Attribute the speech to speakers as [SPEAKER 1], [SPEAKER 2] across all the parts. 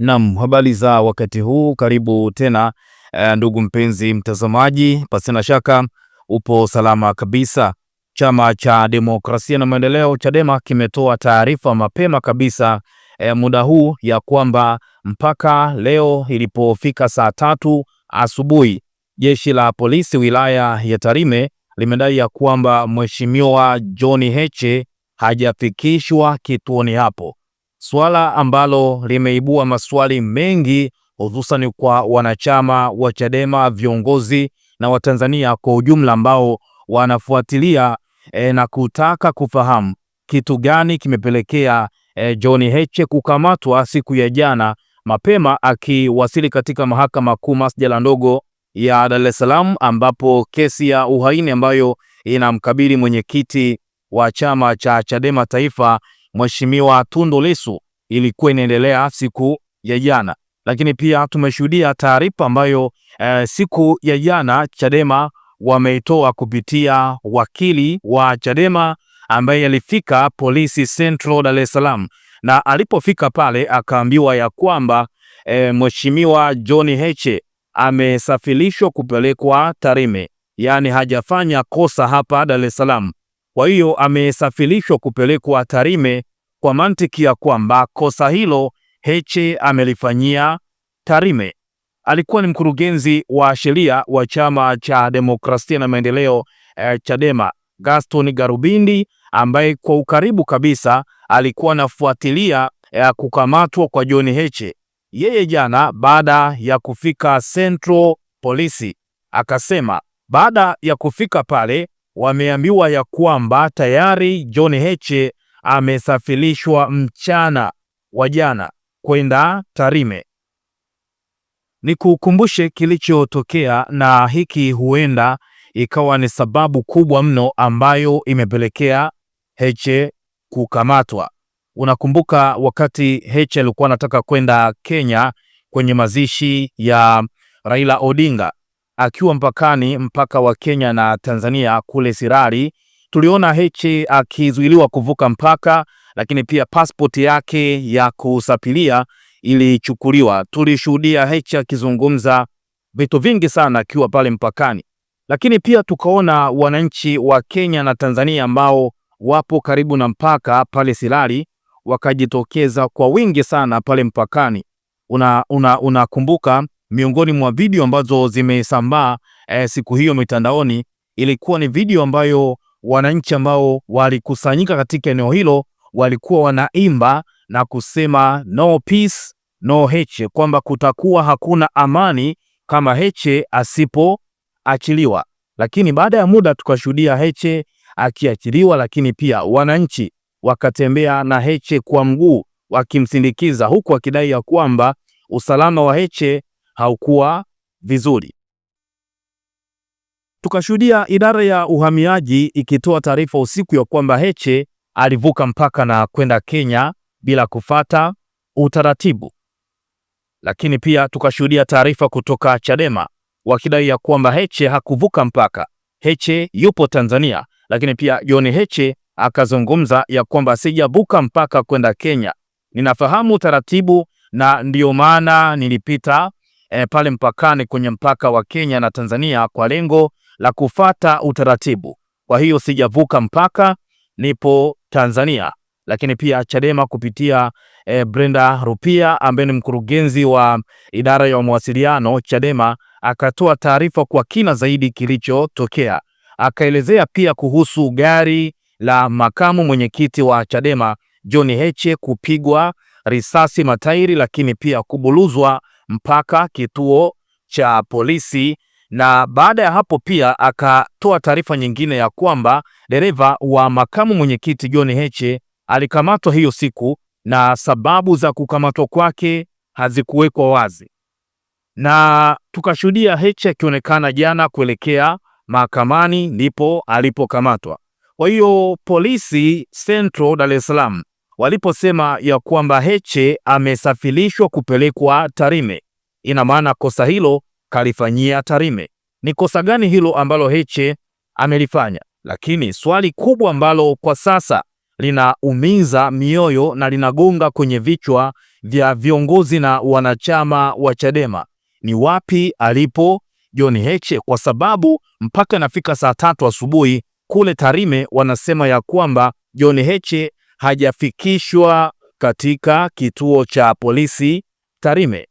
[SPEAKER 1] nam habari za wakati huu, karibu tena e, ndugu mpenzi mtazamaji, pasina shaka upo salama kabisa. Chama cha Demokrasia na Maendeleo Chadema kimetoa taarifa mapema kabisa e, muda huu ya kwamba mpaka leo ilipofika saa tatu asubuhi jeshi la polisi wilaya ya Tarime limedai ya kwamba mheshimiwa John Heche hajafikishwa kituoni hapo suala ambalo limeibua maswali mengi hususan kwa wanachama wa Chadema, viongozi na Watanzania kwa ujumla ambao wanafuatilia e, na kutaka kufahamu kitu gani kimepelekea e, John Heche kukamatwa siku ya jana mapema akiwasili katika Mahakama Kuu masjala ndogo ya Dar es Salaam ambapo kesi ya uhaini ambayo inamkabili mwenyekiti wa chama cha Chadema Taifa Mheshimiwa Tundu Lissu ilikuwa inaendelea siku ya jana, lakini pia tumeshuhudia taarifa ambayo e, siku ya jana Chadema wameitoa kupitia wakili wa Chadema ambaye alifika polisi Central Dar es Salaam, na alipofika pale akaambiwa ya kwamba e, Mheshimiwa John Heche amesafirishwa kupelekwa Tarime, yaani hajafanya kosa hapa Dar es Salaam kwa hiyo amesafirishwa kupelekwa Tarime kwa mantiki ya kwamba kosa hilo Heche amelifanyia Tarime. Alikuwa ni mkurugenzi wa sheria wa Chama cha Demokrasia na Maendeleo eh, Chadema Gaston Garubindi ambaye kwa ukaribu kabisa alikuwa anafuatilia eh, kukamatwa kwa John Heche. Yeye jana baada ya kufika Central Polisi akasema baada ya kufika pale wameambiwa ya kwamba tayari John Heche amesafirishwa mchana wa jana kwenda Tarime. Nikukumbushe kilichotokea, na hiki huenda ikawa ni sababu kubwa mno ambayo imepelekea Heche kukamatwa. Unakumbuka wakati Heche alikuwa anataka kwenda Kenya kwenye mazishi ya Raila Odinga, akiwa mpakani mpaka wa Kenya na Tanzania kule Sirari. Tuliona Heche akizuiliwa kuvuka mpaka, lakini pia pasipoti yake ya kusafiria ilichukuliwa. Tulishuhudia Heche akizungumza vitu vingi sana akiwa pale mpakani, lakini pia tukaona wananchi wa Kenya na Tanzania ambao wapo karibu na mpaka pale Sirari wakajitokeza kwa wingi sana pale mpakani. Unakumbuka una, una miongoni mwa video ambazo zimesambaa e, siku hiyo mitandaoni ilikuwa ni video ambayo wananchi ambao walikusanyika katika eneo hilo walikuwa wanaimba na kusema no peace no Heche, kwamba kutakuwa hakuna amani kama Heche asipoachiliwa. Lakini baada ya muda tukashuhudia Heche akiachiliwa, lakini pia wananchi wakatembea na Heche kwa mguu wakimsindikiza, huku akidai ya kwamba usalama wa Heche haukuwa vizuri. Tukashuhudia idara ya uhamiaji ikitoa taarifa usiku ya kwamba Heche alivuka mpaka na kwenda Kenya bila kufata utaratibu, lakini pia tukashuhudia taarifa kutoka Chadema wakidai ya kwamba Heche hakuvuka mpaka, Heche yupo Tanzania. Lakini pia John Heche akazungumza ya kwamba sijavuka mpaka kwenda Kenya, ninafahamu utaratibu na ndiyo maana nilipita e, pale mpakani kwenye mpaka wa Kenya na Tanzania kwa lengo la kufata utaratibu. Kwa hiyo sijavuka mpaka, nipo Tanzania. Lakini pia Chadema kupitia e, Brenda Rupia ambaye ni mkurugenzi wa idara ya mawasiliano Chadema akatoa taarifa kwa kina zaidi kilichotokea, akaelezea pia kuhusu gari la makamu mwenyekiti wa Chadema John Heche kupigwa risasi matairi, lakini pia kubuluzwa mpaka kituo cha polisi, na baada ya hapo pia akatoa taarifa nyingine ya kwamba dereva wa makamu mwenyekiti John Heche alikamatwa hiyo siku na sababu za kukamatwa kwake hazikuwekwa wazi, na tukashuhudia Heche akionekana jana kuelekea mahakamani ndipo alipokamatwa. Kwa hiyo polisi Central Dar es Salaam waliposema ya kwamba Heche amesafirishwa kupelekwa Tarime, ina maana kosa hilo kalifanyia Tarime. Ni kosa gani hilo ambalo Heche amelifanya? Lakini swali kubwa ambalo kwa sasa linaumiza mioyo na linagonga kwenye vichwa vya viongozi na wanachama wa Chadema ni wapi alipo John Heche, kwa sababu mpaka nafika saa tatu asubuhi kule Tarime wanasema ya kwamba John Heche hajafikishwa katika kituo cha polisi Tarime.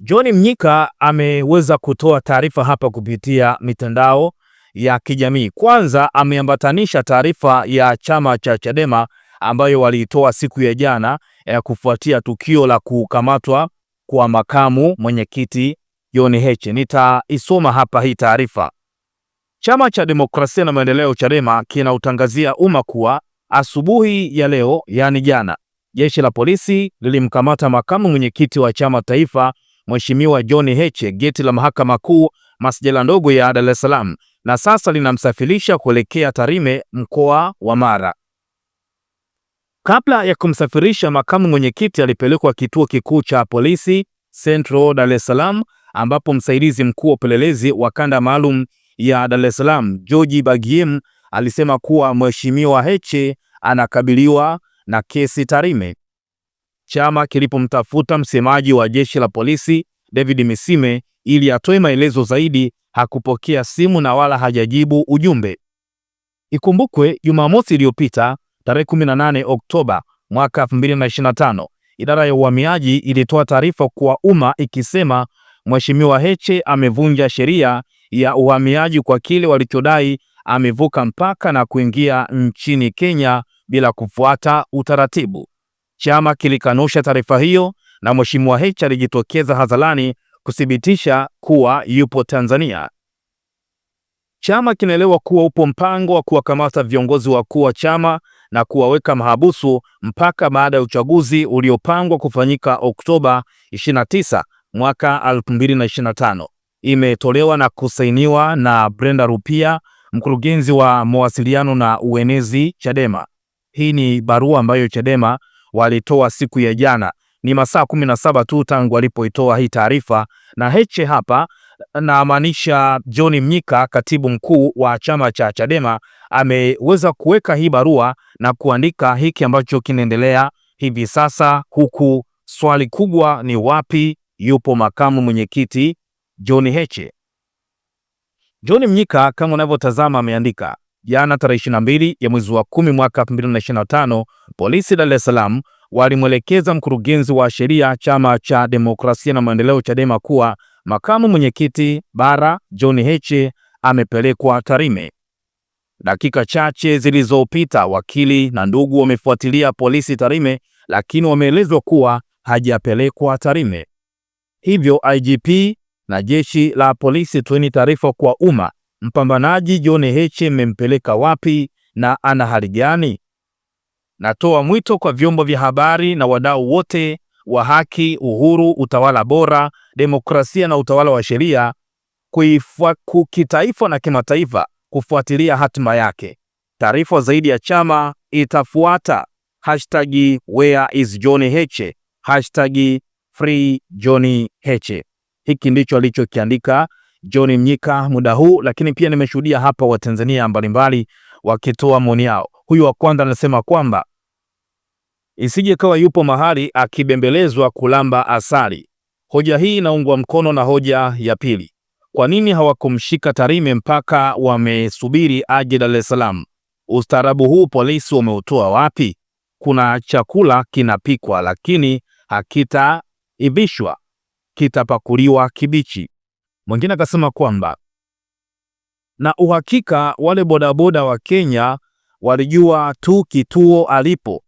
[SPEAKER 1] John Mnyika ameweza kutoa taarifa hapa kupitia mitandao ya kijamii. Kwanza ameambatanisha taarifa ya chama cha Chadema ambayo waliitoa siku ya jana ya eh, kufuatia tukio la kukamatwa kwa makamu mwenyekiti John Heche. Nitaisoma hapa hii taarifa. Chama cha Demokrasia na Maendeleo Chadema kinautangazia umma kuwa Asubuhi ya leo, yaani jana, jeshi la polisi lilimkamata makamu mwenyekiti wa chama taifa Mheshimiwa John Heche geti la mahakama kuu masjala ndogo ya Dar es Salaam na sasa linamsafirisha kuelekea Tarime mkoa wa Mara. Kabla ya kumsafirisha, makamu mwenyekiti alipelekwa kituo kikuu cha polisi Central Dar es Salaam ambapo msaidizi mkuu wa upelelezi wa kanda maalum ya Dar es Salaam George Bagiem alisema kuwa Mheshimiwa Heche anakabiliwa na kesi Tarime. Chama kilipomtafuta msemaji wa jeshi la polisi David Misime ili atoe maelezo zaidi, hakupokea simu na wala hajajibu ujumbe. Ikumbukwe, Jumamosi iliyopita tarehe 18 Oktoba mwaka 2025, idara ya uhamiaji ilitoa taarifa kwa umma ikisema Mheshimiwa Heche amevunja sheria ya uhamiaji kwa kile walichodai amevuka mpaka na kuingia nchini Kenya bila kufuata utaratibu. Chama kilikanusha taarifa hiyo na Mheshimiwa Heche alijitokeza hadharani kuthibitisha kuwa yupo Tanzania. Chama kinaelewa kuwa upo mpango wa kuwakamata viongozi wakuu wa chama na kuwaweka mahabusu mpaka baada ya uchaguzi uliopangwa kufanyika Oktoba 29 mwaka 2025. Imetolewa na kusainiwa na Brenda Rupia, mkurugenzi wa mawasiliano na uenezi Chadema. Hii ni barua ambayo Chadema walitoa siku ya jana, ni masaa kumi na saba tu tangu walipoitoa hii taarifa, na Heche hapa namaanisha John Mnyika, katibu mkuu wa chama cha Chadema, ameweza kuweka hii barua na kuandika hiki ambacho kinaendelea hivi sasa, huku swali kubwa ni wapi yupo makamu mwenyekiti John Heche? John Mnyika kama unavyotazama ameandika jana tarehe 22 ya mwezi wa 10 mwaka 2025, polisi Dar es Salaam walimwelekeza mkurugenzi wa sheria chama cha demokrasia na maendeleo Chadema kuwa makamu mwenyekiti bara John Heche amepelekwa Tarime. Dakika chache zilizopita, wakili na ndugu wamefuatilia polisi Tarime, lakini wameelezwa kuwa hajapelekwa Tarime, hivyo IGP na jeshi la polisi, toeni taarifa kwa umma, mpambanaji John Heche mmempeleka wapi na ana hali gani? Natoa mwito kwa vyombo vya habari na wadau wote wa haki, uhuru, utawala bora, demokrasia na utawala wa sheria kitaifa na kimataifa kufuatilia hatima yake. Taarifa zaidi ya chama itafuata. Hashtag where is John Heche, hashtag free John Heche. Hiki ndicho alichokiandika John Mnyika muda huu, lakini pia nimeshuhudia hapa Watanzania mbalimbali wakitoa maoni yao. Huyu wa kwanza anasema kwamba isije kawa yupo mahali akibembelezwa kulamba asali. Hoja hii inaungwa mkono na hoja ya pili. Kwa nini hawakumshika Tarime mpaka wamesubiri aje Dar es Salaam? Ustaarabu huu polisi wameutoa wapi? Kuna chakula kinapikwa lakini hakitaivishwa kitapakuliwa kibichi. Mwingine akasema kwamba na uhakika wale bodaboda wa Kenya walijua tu kituo alipo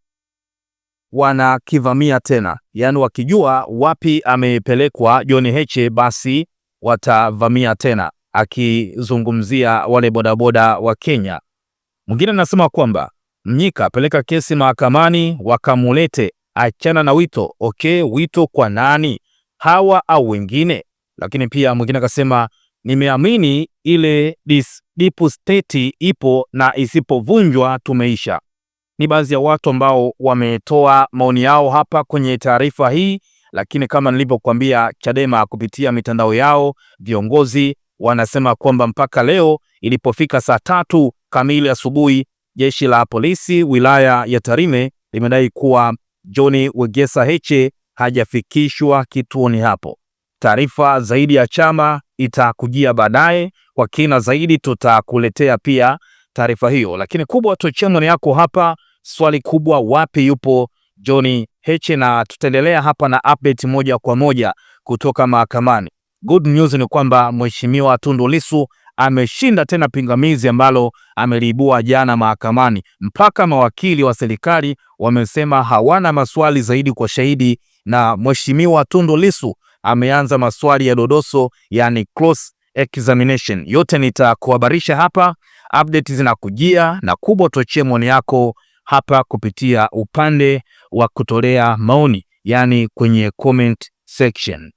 [SPEAKER 1] wanakivamia tena, yaani wakijua wapi amepelekwa John Heche basi watavamia tena, akizungumzia wale bodaboda wa Kenya. Mwingine anasema kwamba Mnyika peleka kesi mahakamani wakamulete, achana na wito. Okay, wito kwa nani? hawa au wengine. Lakini pia mwingine akasema nimeamini ile deep state ipo na isipovunjwa tumeisha. Ni baadhi ya watu ambao wametoa maoni yao hapa kwenye taarifa hii, lakini kama nilivyokuambia, Chadema kupitia mitandao yao viongozi wanasema kwamba mpaka leo ilipofika saa tatu kamili asubuhi, jeshi la polisi wilaya ya Tarime limedai kuwa John Wegesa Heche hajafikishwa kituoni hapo. Taarifa zaidi ya chama itakujia baadaye, kwa kina zaidi tutakuletea pia taarifa hiyo, lakini kubwa tu channel yako hapa. Swali kubwa, wapi yupo John Heche? Na tutaendelea hapa na update moja kwa moja kutoka mahakamani. Good news ni kwamba mheshimiwa Tundu Lissu ameshinda tena pingamizi ambalo ameliibua jana mahakamani. Mpaka mawakili wa serikali wamesema hawana maswali zaidi kwa shahidi na Mheshimiwa Tundu Lissu ameanza maswali ya dodoso, yani cross examination. Yote nitakuhabarisha hapa, update zinakujia na kubwa, tuachie maoni yako hapa kupitia upande wa kutolea maoni, yani kwenye comment section.